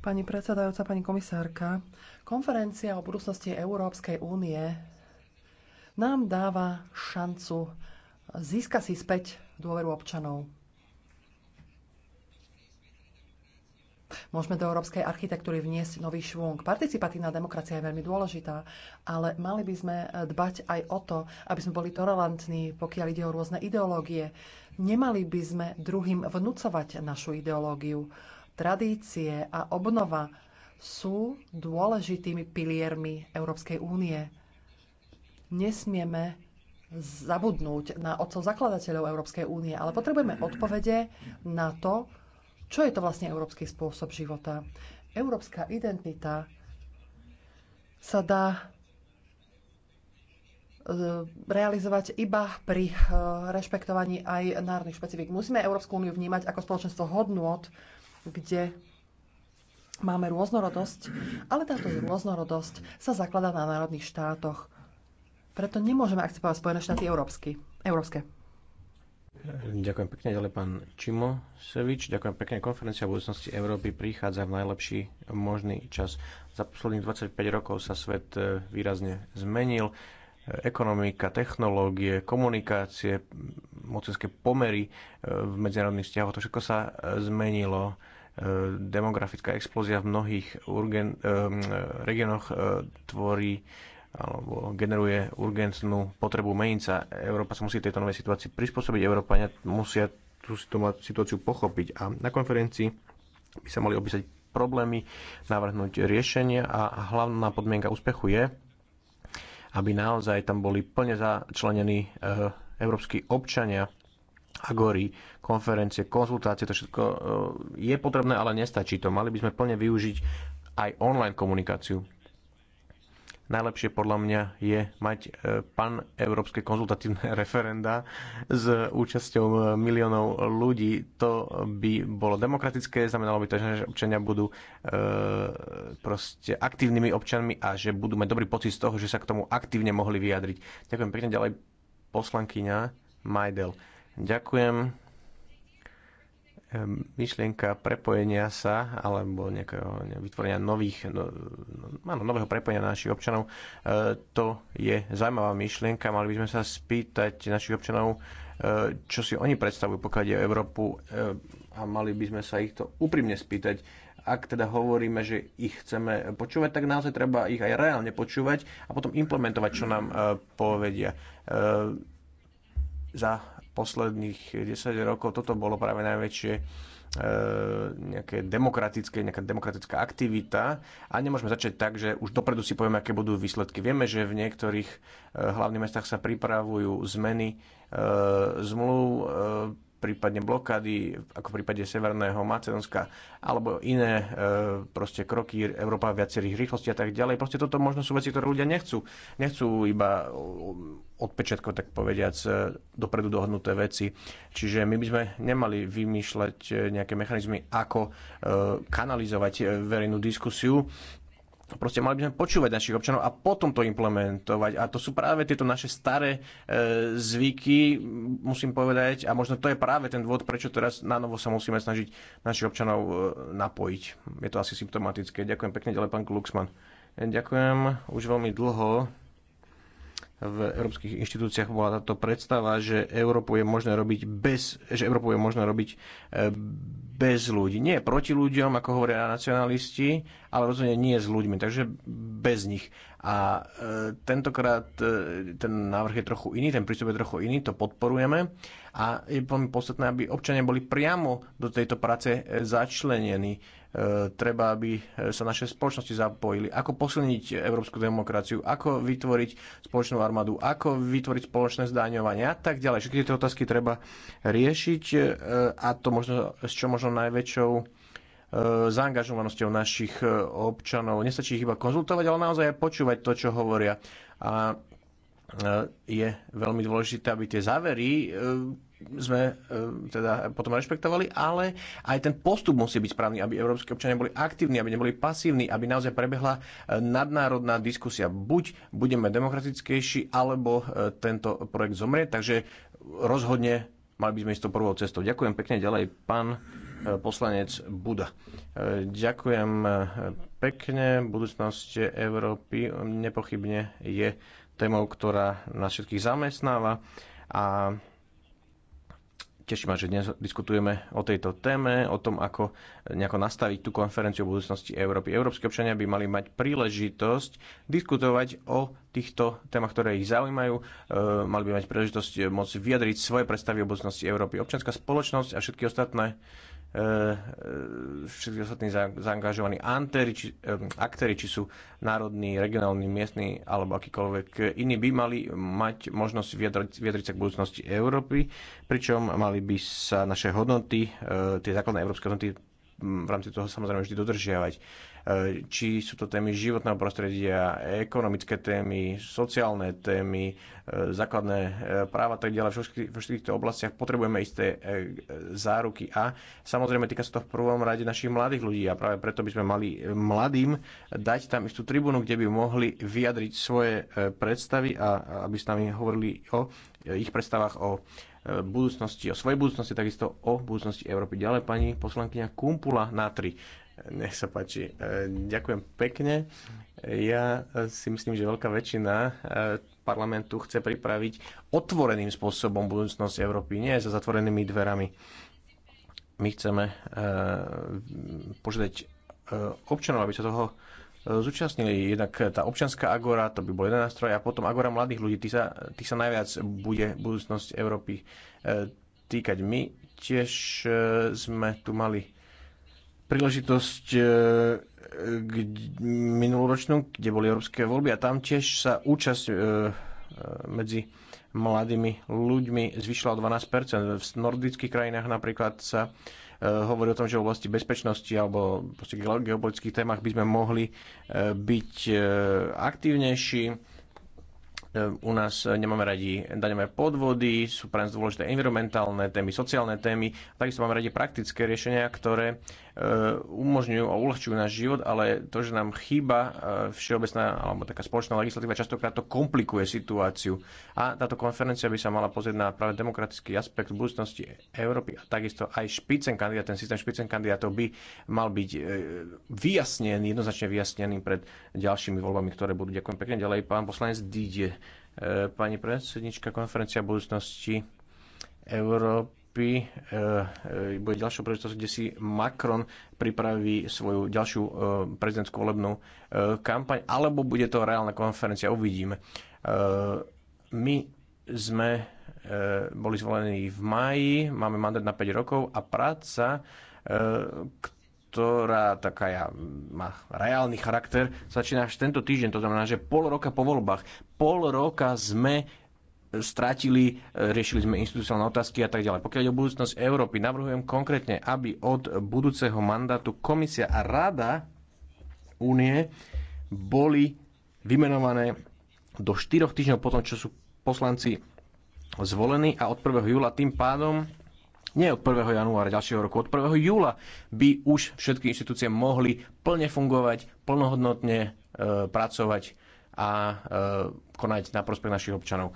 Pani predsedajúca, pani komisárka, konferencia o budúcnosti Európskej únie nám dáva šancu získať si späť dôveru občanov Môžeme do európskej architektúry vniesť nový švung. Participatívna demokracia je veľmi dôležitá, ale mali by sme eh, dbať aj o to, aby sme boli tolerantní, pokiaľ ide o rôzne ideológie. Nemali by sme druhým vnúcovať našu ideológiu. Tradície a obnova sú dôležitými piliermi Európskej únie. Nesmieme zabudnúť na otcov zakladateľov Európskej únie, ale potrebujeme odpovede na to, čo je to vlastne európsky spôsob života? Európska identita sa dá e, realizovať iba pri e, rešpektovaní aj národných špecifik. Musíme Európsku úniu vnímať ako spoločenstvo hodnôt, kde máme rôznorodosť, ale táto rôznorodosť sa zakladá na národných štátoch. Preto nemôžeme akceptovať Spojené štáty európsky, európske. Ďakujem pekne, ďalej pán Čimo Sevič. Ďakujem pekne. Konferencia o budúcnosti Európy prichádza v najlepší možný čas. Za posledných 25 rokov sa svet e, výrazne zmenil. E, ekonomika, technológie, komunikácie, mocenské pomery e, v medzinárodných vzťahoch, to všetko sa zmenilo. Demografická explózia v mnohých urgen, regiónoch tvorí alebo generuje urgentnú potrebu meniť sa. Európa sa musí tejto novej situácii prispôsobiť, Európania musia tú situáciu pochopiť a na konferencii by sa mali opísať problémy, navrhnúť riešenie a hlavná podmienka úspechu je, aby naozaj tam boli plne začlenení e, európsky občania, agory, konferencie, konzultácie, to všetko e, je potrebné, ale nestačí to. Mali by sme plne využiť aj online komunikáciu Najlepšie podľa mňa je mať e, pan európske konzultatívne [laughs] referenda s účasťou miliónov ľudí. To by bolo demokratické, znamenalo by to, že občania budú e, proste aktívnymi občanmi a že budú mať dobrý pocit z toho, že sa k tomu aktívne mohli vyjadriť. Ďakujem pekne ďalej poslankyňa Majdel. Ďakujem myšlienka prepojenia sa alebo nejakého vytvorenia nových, no, no áno, nového prepojenia našich občanov, e, to je zaujímavá myšlienka. Mali by sme sa spýtať našich občanov, e, čo si oni predstavujú, pokiaľ ide o Európu e, a mali by sme sa ich to úprimne spýtať. Ak teda hovoríme, že ich chceme počúvať, tak naozaj treba ich aj reálne počúvať a potom implementovať, čo nám povedia za posledných 10 rokov toto bolo práve najväčšie e, nejaké demokratické, nejaká demokratická aktivita a nemôžeme začať tak, že už dopredu si povieme, aké budú výsledky. Vieme, že v niektorých e, hlavných mestách sa pripravujú zmeny e, zmluv, prípadne blokády, ako v prípade Severného Macedónska, alebo iné e, proste kroky Európa viacerých rýchlostí a tak ďalej. Proste toto možno sú veci, ktoré ľudia nechcú. Nechcú iba e, odpečetko, tak povediac, e, dopredu dohodnuté veci. Čiže my by sme nemali vymýšľať e, nejaké mechanizmy, ako kanalizovať verejnú diskusiu. Proste mali by sme počúvať našich občanov a potom to implementovať. A to sú práve tieto naše staré e, zvyky, musím povedať, a možno to je práve ten dôvod, prečo teraz na novo sa musíme snažiť našich občanov e, napojiť. Je to asi symptomatické. Ďakujem pekne ďalej, pán Kluxman. Ďakujem už veľmi dlho v európskych inštitúciách bola táto predstava, že Európu je možné robiť bez, že Európu je možné robiť e, bez ľudí. Nie proti ľuďom, ako hovoria nacionalisti, ale rozhodne nie s ľuďmi, takže bez nich. A e, tentokrát e, ten návrh je trochu iný, ten prístup je trochu iný, to podporujeme. A je veľmi podstatné, aby občania boli priamo do tejto práce e, začlenení. Treba, aby sa naše spoločnosti zapojili. Ako posilniť európsku demokraciu, ako vytvoriť spoločnú armádu, ako vytvoriť spoločné zdaňovanie a tak ďalej. Všetky tieto otázky treba riešiť a to možno, s čo možno najväčšou E, zaangažovanosťou našich e, občanov. Nestačí ich iba konzultovať, ale naozaj aj počúvať to, čo hovoria. A e, je veľmi dôležité, aby tie závery sme teda potom rešpektovali, ale aj ten postup musí byť správny, aby európske občania boli aktívni, aby neboli pasívni, aby naozaj prebehla nadnárodná diskusia. Buď budeme demokratickejší, alebo tento projekt zomrie, takže rozhodne mali by sme ísť tou prvou cestou. Ďakujem pekne ďalej, pán E, poslanec Buda. E, ďakujem e, pekne. Budúcnosť Európy nepochybne je témou, ktorá nás všetkých zamestnáva a teší ma, že dnes diskutujeme o tejto téme, o tom, ako nejako nastaviť tú konferenciu o budúcnosti Európy. Európske občania by mali mať príležitosť diskutovať o týchto témach, ktoré ich zaujímajú. E, mali by mať príležitosť môcť vyjadriť svoje predstavy o budúcnosti Európy. Občianská spoločnosť a všetky ostatné E, e, všetci ostatní zaangažovaní antéri, či, e, aktéri, či sú národní, regionálni, miestni alebo akýkoľvek iní, by mali mať možnosť vyjadriť, vyjadriť sa k budúcnosti Európy, pričom mali by sa naše hodnoty, tie základné európske hodnoty v rámci toho samozrejme vždy dodržiavať. E, či sú to témy životného prostredia, ekonomické témy, sociálne témy, e, základné e, práva, tak ďalej. v všetkých týchto oblastiach potrebujeme isté záruky a samozrejme týka sa to v prvom rade našich mladých ľudí a práve preto by sme mali mladým dať tam istú tribúnu, kde by mohli vyjadriť svoje predstavy a aby s nami hovorili o ich predstavách o budúcnosti, o svojej budúcnosti, takisto o budúcnosti Európy. Ďalej pani poslankyňa Kumpula na 3. Nech sa páči. E, ďakujem pekne. Ja si myslím, že veľká väčšina e, parlamentu chce pripraviť otvoreným spôsobom budúcnosť Európy, nie za zatvorenými dverami. My chceme e, požiadať občanov, aby sa toho zúčastnili. Jednak tá občianská agora, to by bol jeden nástroj, a potom agora mladých ľudí, tých sa, tých sa najviac bude budúcnosť Európy týkať. My tiež sme tu mali príležitosť e, k minuloročnú, kde boli európske voľby a tam tiež sa účasť e, e, medzi mladými ľuďmi zvyšila o 12%. V nordických krajinách napríklad sa hovorí o tom, že v oblasti bezpečnosti alebo geopolitických témach by sme mohli byť aktívnejší. U nás nemáme radi daňové podvody, sú pre nás dôležité environmentálne témy, sociálne témy, takisto máme radi praktické riešenia, ktoré Eh, umožňujú a uľahčujú náš život, ale to, že nám chýba eh, všeobecná alebo taká spoločná legislatíva, častokrát to komplikuje situáciu. A táto konferencia by sa mala pozrieť na práve demokratický aspekt budúcnosti Európy a takisto aj špicen kandidát, ten systém špicen kandidátov by mal byť eh, vyjasnený, jednoznačne vyjasnený pred ďalšími voľbami, ktoré budú. Ďakujem pekne. Ďalej pán poslanec Díde, pani predsednička konferencia budúcnosti Európy Európy eh, eh, bude ďalšou príležitosť, kde si Macron pripraví svoju ďalšiu eh, prezidentskú volebnú kampaň, alebo bude to reálna konferencia, uvidíme. My sme boli zvolení v maji, máme mandát na 5 rokov a práca, ktorá taká ja, má reálny charakter, začína až tento týždeň, to znamená, že pol roka po voľbách, pol roka sme stratili, e, riešili sme institucionálne otázky a tak ďalej. Pokiaľ o budúcnosť Európy, navrhujem konkrétne, aby od budúceho mandátu komisia a rada únie boli vymenované do 4 týždňov potom, čo sú poslanci zvolení a od 1. júla tým pádom nie od 1. januára ďalšieho roku, od 1. júla by už všetky inštitúcie mohli plne fungovať, plnohodnotne e, pracovať a e, konať na prospech našich občanov.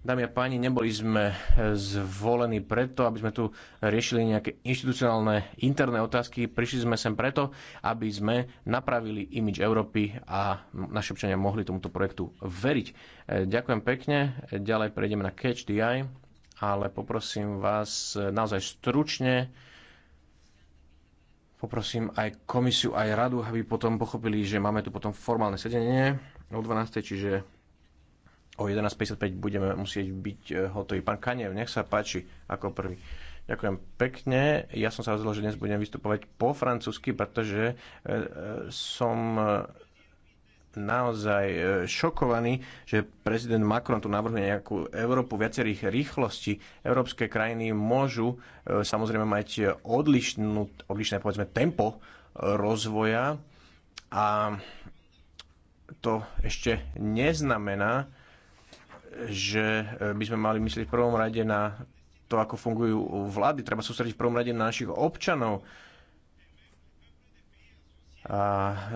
Dámy a páni, neboli sme eh, zvolení preto, aby sme tu riešili nejaké inštitucionálne interné otázky. Prišli sme sem preto, aby sme napravili imič Európy a naši občania mohli tomuto projektu veriť. Eh, ďakujem pekne. Ďalej prejdeme na Catch the Eye, ale poprosím vás eh, naozaj stručne. Poprosím aj komisiu, aj radu, aby potom pochopili, že máme tu potom formálne sedenie o 12. Čiže o 11.55 budeme musieť byť e, hotoví. Pán Kanev, nech sa páči ako prvý. Ďakujem pekne. Ja som sa rozhodol, že dnes budem vystupovať po francúzsky, pretože e, e, som naozaj šokovaný, že prezident Macron tu navrhuje nejakú Európu viacerých rýchlostí. Európske krajiny môžu samozrejme mať odlišnú, odlišné povedzme, tempo rozvoja a to ešte neznamená, že e, by sme mali myslieť v prvom rade na to, ako fungujú vlády. Treba sústrediť v prvom rade na našich občanov. A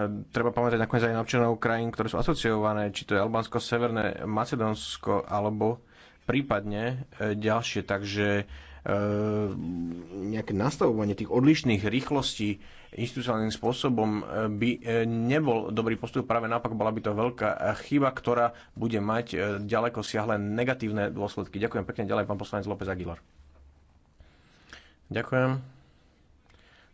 e, treba pamätať nakoniec aj na občanov krajín, ktoré sú asociované, či to je Albánsko, Severné Macedónsko alebo prípadne e, ďalšie. Takže E, nejaké nastavovanie tých odlišných rýchlostí institucionálnym spôsobom e, by e, nebol dobrý postup, práve naopak bola by to veľká chyba, ktorá bude mať ďaleko siahle negatívne dôsledky. Ďakujem pekne ďalej, pán poslanec López Aguilar. Ďakujem.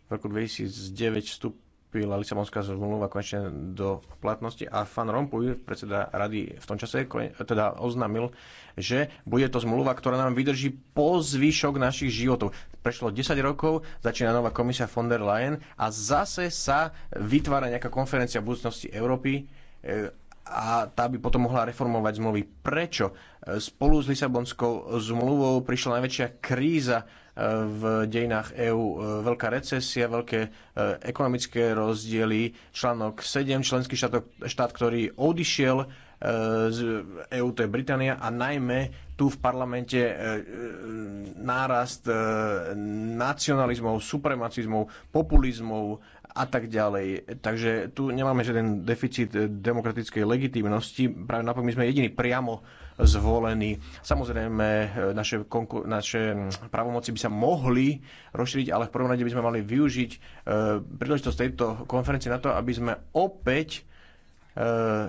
V roku 2009 vstup vstúpila Lisabonská zmluva konečne do platnosti a Fan Rompuy, predseda rady v tom čase, teda oznámil, že bude to zmluva, ktorá nám vydrží po zvyšok našich životov. Prešlo 10 rokov, začína nová komisia von der Leyen a zase sa vytvára nejaká konferencia budúcnosti Európy e, a tá by potom mohla reformovať zmluvy. Prečo? Spolu s Lisabonskou zmluvou prišla najväčšia kríza e, v dejinách EÚ. E, veľká recesia, veľké e, ekonomické rozdiely, článok 7, členský štát, štát ktorý odišiel z EÚ, to je Británia, a najmä tu v parlamente nárast nacionalizmov, supremacizmov, populizmov, a tak ďalej. Takže tu nemáme žiaden deficit eh, demokratickej legitimnosti, práve naopak my sme jediní priamo zvolení. Samozrejme, eh, naše, konku- naše hm, právomoci by sa mohli rozšíriť, ale v prvom rade by sme mali využiť e, príležitosť tejto konferencie na to, aby sme opäť e,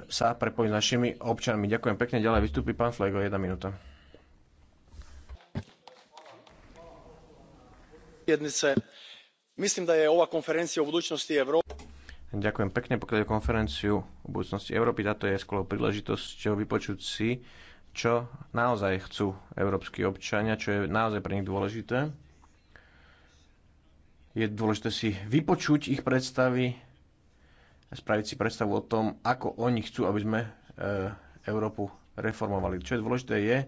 sa prepojili s našimi občanmi. Ďakujem pekne. Ďalej vystúpi pán Flego, jedna minúta. Jednice Myslím, da je ova konferencija o budućnosti Evrope... Ďakujem pekne, pokiaľ konferenciu o budúcnosti Európy. Táto je skôr príležitosťou vypočuť si, čo naozaj chcú európsky občania, čo je naozaj pre nich dôležité. Je dôležité si vypočuť ich predstavy, spraviť si predstavu o tom, ako oni chcú, aby sme eh, Európu reformovali. Čo je dôležité je eh,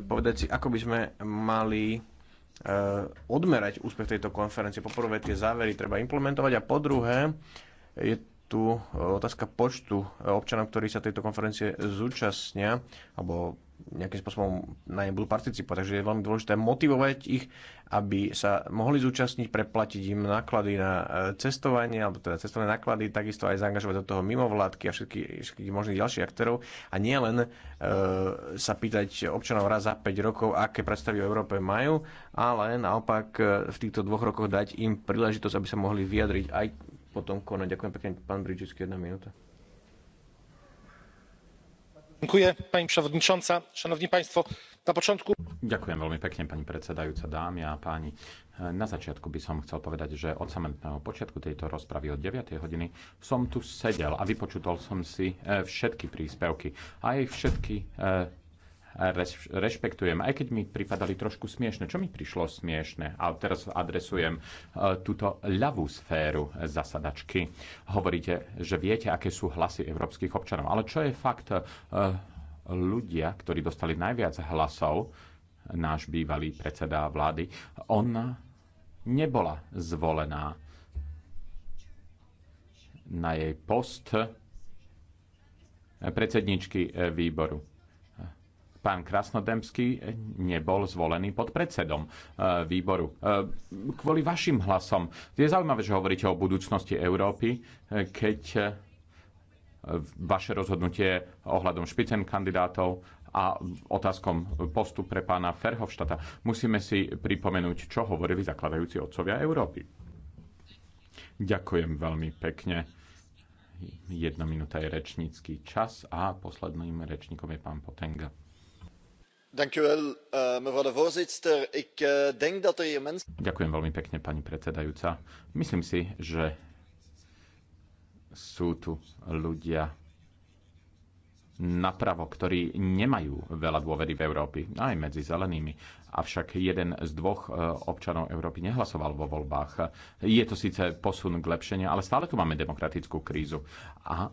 povedať si, ako by sme mali odmerať úspech tejto konferencie. Po prvé, tie závery treba implementovať a po druhé, je tu e, otázka počtu e, občanov, ktorí sa tejto konferencie zúčastnia, alebo nejakým spôsobom na nej budú participovať. Takže je veľmi dôležité motivovať ich, aby sa mohli zúčastniť, preplatiť im náklady na e, cestovanie, alebo teda cestovné náklady, takisto aj zaangažovať do toho mimovládky a všetky, všetky možných ďalších aktérov. A nielen e, sa pýtať občanov raz za 5 rokov, aké predstavy o Európe majú, ale naopak v týchto dvoch rokoch dať im príležitosť, aby sa mohli vyjadriť aj potom konať. Ďakujem pekne, pán Bridžický, jedna minúta. Dziękuję, pani przewodnicząca, szanowni państwo. Na początku... Ďakujem veľmi pekne, pani predsedajúca, dámy a páni. Na začiatku by som chcel povedať, že od samotného počiatku tejto rozpravy od 9. hodiny som tu sedel a vypočutol som si eh, všetky príspevky a aj všetky eh, rešpektujem, aj keď mi pripadali trošku smiešne. Čo mi prišlo smiešne? A teraz adresujem e, túto ľavú sféru zasadačky. Hovoríte, že viete, aké sú hlasy európskych občanov. Ale čo je fakt? E, ľudia, ktorí dostali najviac hlasov, náš bývalý predseda vlády, on nebola zvolená na jej post predsedničky e, výboru Pán Krasnodemský nebol zvolený pod predsedom eh, výboru. Eh, kvôli vašim hlasom. Je zaujímavé, že hovoríte o budúcnosti Európy, eh, keď vaše rozhodnutie ohľadom špicen kandidátov a otázkom postup pre pána Ferhovštata. Musíme si pripomenúť, čo hovorili zakladajúci odcovia Európy. Ďakujem veľmi pekne. Jedna minúta je rečnícky čas a posledným rečníkom je pán Potenga. Eh, eh, er Ďakujem veľmi pekne, pani predsedajúca. Myslím si, že sú tu ľudia napravo, ktorí nemajú veľa dôvery v Európy, aj medzi zelenými. Avšak jeden z dvoch eh, občanov Európy nehlasoval vo voľbách. Je to síce posun k lepšeniu, ale stále tu máme demokratickú krízu. A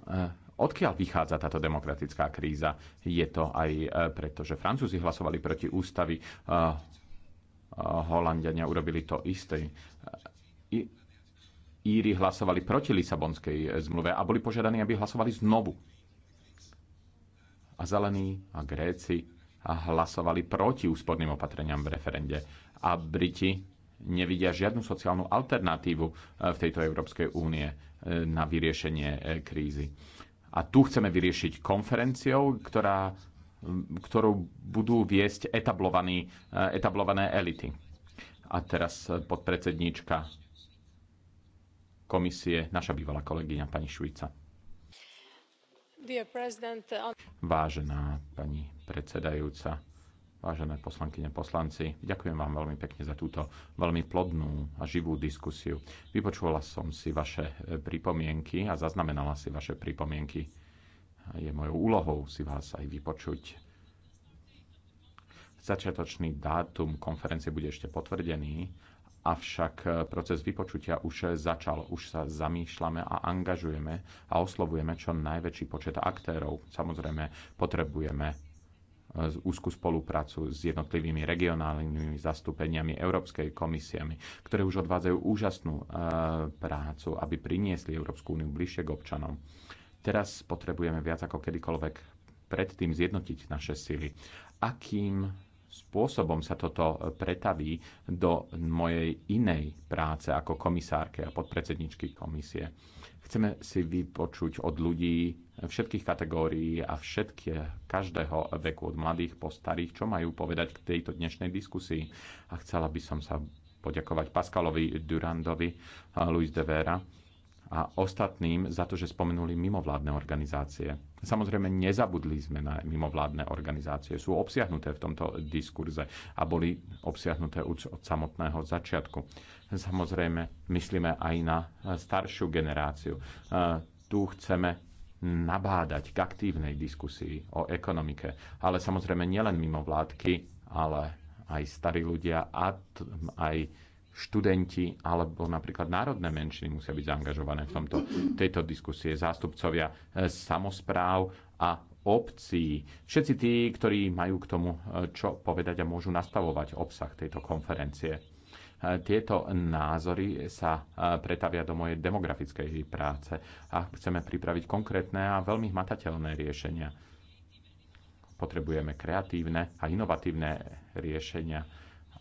Odkiaľ vychádza táto demokratická kríza? Je to aj e, preto, že Francúzi hlasovali proti ústavy, e, e, Holandiania urobili to isté. Íri hlasovali proti Lisabonskej zmluve a boli požiadaní, aby hlasovali znovu. A zelení a Gréci hlasovali proti úsporným opatreniam v referende. A Briti nevidia žiadnu sociálnu alternatívu v tejto Európskej únie na vyriešenie krízy a tu chceme vyriešiť konferenciou, ktorá, ktorú budú viesť eh, etablované elity. A teraz eh, podpredsedníčka komisie, naša bývalá kolegyňa pani Švica. Vážená pani predsedajúca, Vážené poslankyne, poslanci, ďakujem vám veľmi pekne za túto veľmi plodnú a živú diskusiu. Vypočula som si vaše e, pripomienky a zaznamenala si vaše pripomienky. Je mojou úlohou si vás aj vypočuť. Začiatočný dátum konferencie bude ešte potvrdený, avšak e, proces vypočutia už začal. Už sa zamýšľame a angažujeme a oslovujeme čo najväčší počet aktérov. Samozrejme, potrebujeme úzkú spoluprácu s jednotlivými regionálnymi zastúpeniami Európskej komisiami, ktoré už odvádzajú úžasnú e, prácu, aby priniesli Európsku úniu bližšie k občanom. Teraz potrebujeme viac ako kedykoľvek predtým zjednotiť naše sily. Akým spôsobom sa toto pretaví do mojej inej práce ako komisárke a podpredsedničky komisie. Chceme si vypočuť od ľudí všetkých kategórií a všetky, každého veku, od mladých po starých, čo majú povedať k tejto dnešnej diskusii. A chcela by som sa poďakovať Pascalovi Durandovi, Luis de Vera, a ostatným za to, že spomenuli mimovládne organizácie. Samozrejme, nezabudli sme na mimovládne organizácie. Sú obsiahnuté v tomto diskurze a boli obsiahnuté už od samotného začiatku. Samozrejme, myslíme aj na staršiu generáciu. E, tu chceme nabádať k aktívnej diskusii o ekonomike. Ale samozrejme nielen mimovládky, ale aj starí ľudia a aj študenti alebo napríklad národné menšiny musia byť zaangažované v tomto, tejto diskusie, zástupcovia e, samozpráv a obcí, všetci tí, ktorí majú k tomu e, čo povedať a môžu nastavovať obsah tejto konferencie. E, tieto názory sa pretavia do mojej demografickej práce a chceme pripraviť konkrétne a veľmi hmatateľné riešenia. Potrebujeme kreatívne a inovatívne riešenia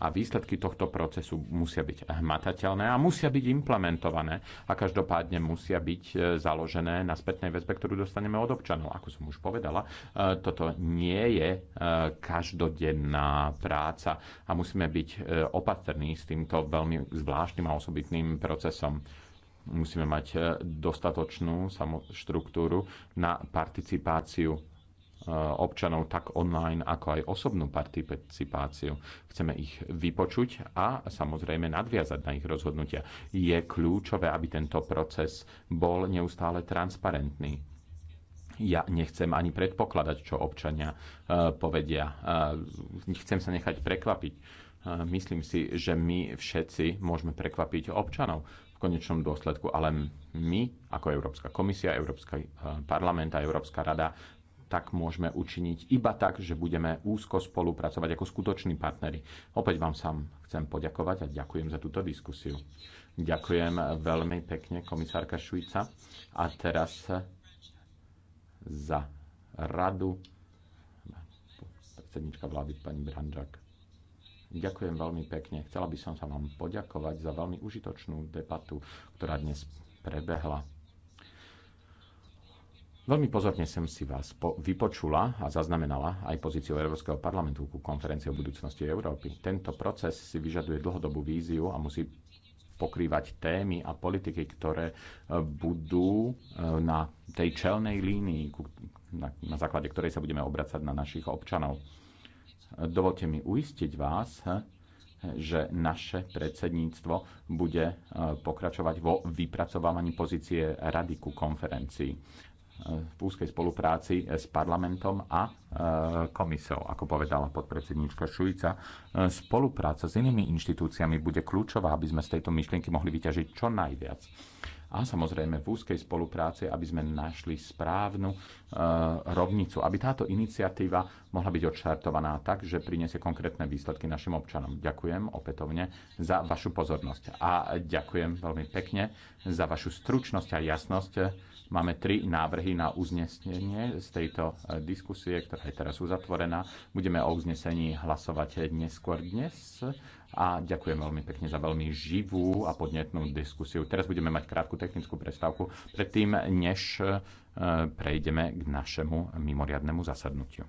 a výsledky tohto procesu musia byť hmatateľné a musia byť implementované a každopádne musia byť e, založené na spätnej väzbe, ktorú dostaneme od občanov. Ako som už povedala, e, toto nie je e, každodenná práca a musíme byť opatrní s týmto veľmi zvláštnym a osobitným procesom musíme mať dostatočnú štruktúru na participáciu Eh, občanov tak online, ako aj osobnú participáciu. Chceme ich vypočuť a samozrejme nadviazať na ich rozhodnutia. Je kľúčové, aby tento proces bol neustále transparentný. Ja nechcem ani predpokladať, čo občania eh, povedia. Eh, chcem sa nechať prekvapiť. Myslím si, že my všetci môžeme prekvapiť občanov v konečnom dôsledku, ale my ako Európska komisia, Európsky parlament a Európska rada tak môžeme učiniť iba tak, že budeme úzko spolupracovať ako skutoční partnery. Opäť vám sám chcem poďakovať a ďakujem za túto diskusiu. Ďakujem veľmi pekne, komisárka Švica. A teraz za radu predsednička vlády pani Brandžak. Ďakujem veľmi pekne. Chcela by som sa vám poďakovať za veľmi užitočnú debatu, ktorá dnes prebehla Veľmi pozorne som si vás po- vypočula a zaznamenala aj pozíciu Európskeho parlamentu ku konferencii o budúcnosti Európy. Tento proces si vyžaduje dlhodobú víziu a musí pokrývať témy a politiky, ktoré e, budú e, na tej čelnej línii, na základe ktorej sa budeme obracať na našich občanov. Dovolte mi uistiť vás, e, že naše predsedníctvo bude pokračovať vo vypracovávaní pozície rady ku konferencii v úzkej spolupráci s parlamentom a e, komisou. Ako povedala podpredsedníčka Šujica. E, spolupráca s inými inštitúciami bude kľúčová, aby sme z tejto myšlienky mohli vyťažiť čo najviac. A samozrejme v úzkej spolupráci, aby sme našli správnu e, rovnicu, aby táto iniciatíva mohla byť odštartovaná tak, že priniesie konkrétne výsledky našim občanom. Ďakujem opätovne za vašu pozornosť a ďakujem veľmi pekne za vašu stručnosť a jasnosť Máme tri návrhy na uznesenie z tejto e, diskusie, ktorá je teraz uzatvorená. Budeme o uznesení hlasovať neskôr dnes a ďakujem veľmi pekne za veľmi živú a podnetnú diskusiu. Teraz budeme mať krátku technickú prestávku predtým, než e, prejdeme k našemu mimoriadnemu zasadnutiu.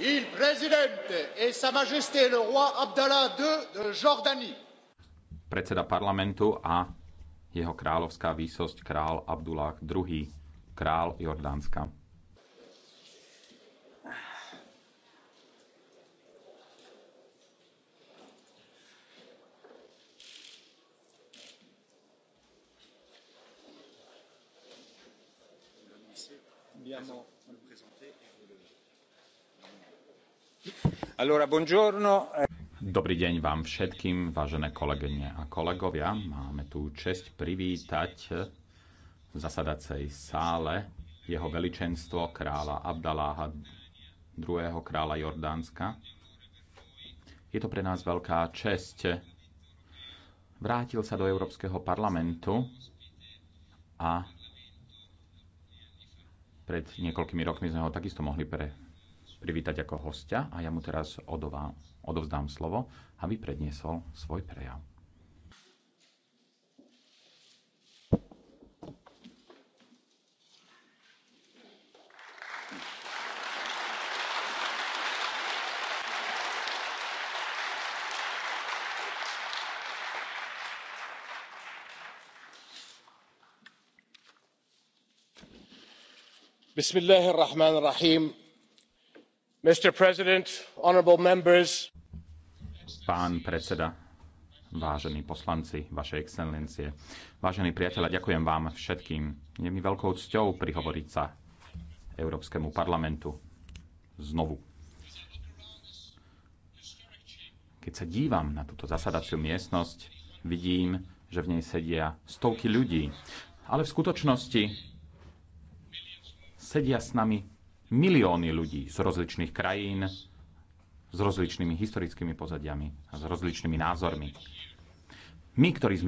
il presidente e sa majesté le roi Abdallah II de Jordanie. Predseda parlamentu a jeho kráľovská výsosť král Abdullah II, král Jordánska. Abbiamo Dobrý deň vám všetkým, vážené kolegyne a kolegovia. Máme tu čest privítať v zasadacej sále jeho veličenstvo kráľa Abdaláha II. kráľa Jordánska. Je to pre nás veľká česť. Vrátil sa do Európskeho parlamentu a pred niekoľkými rokmi sme ho takisto mohli pre privítať ako hostia a ja mu teraz odová, odovzdám slovo, aby predniesol svoj prejav. بسم الله الرحمن الرحيم Pán predseda, vážení poslanci, vaše excelencie, vážení priatelia, ďakujem vám všetkým. Je mi veľkou cťou prihovoriť sa Európskemu parlamentu znovu. Keď sa dívam na túto zasadaciu miestnosť, vidím, že v nej sedia stovky ľudí. Ale v skutočnosti sedia s nami milióny ľudí z rozličných krajín, s rozličnými historickými pozadiami a s rozličnými názormi. My, ktorí sme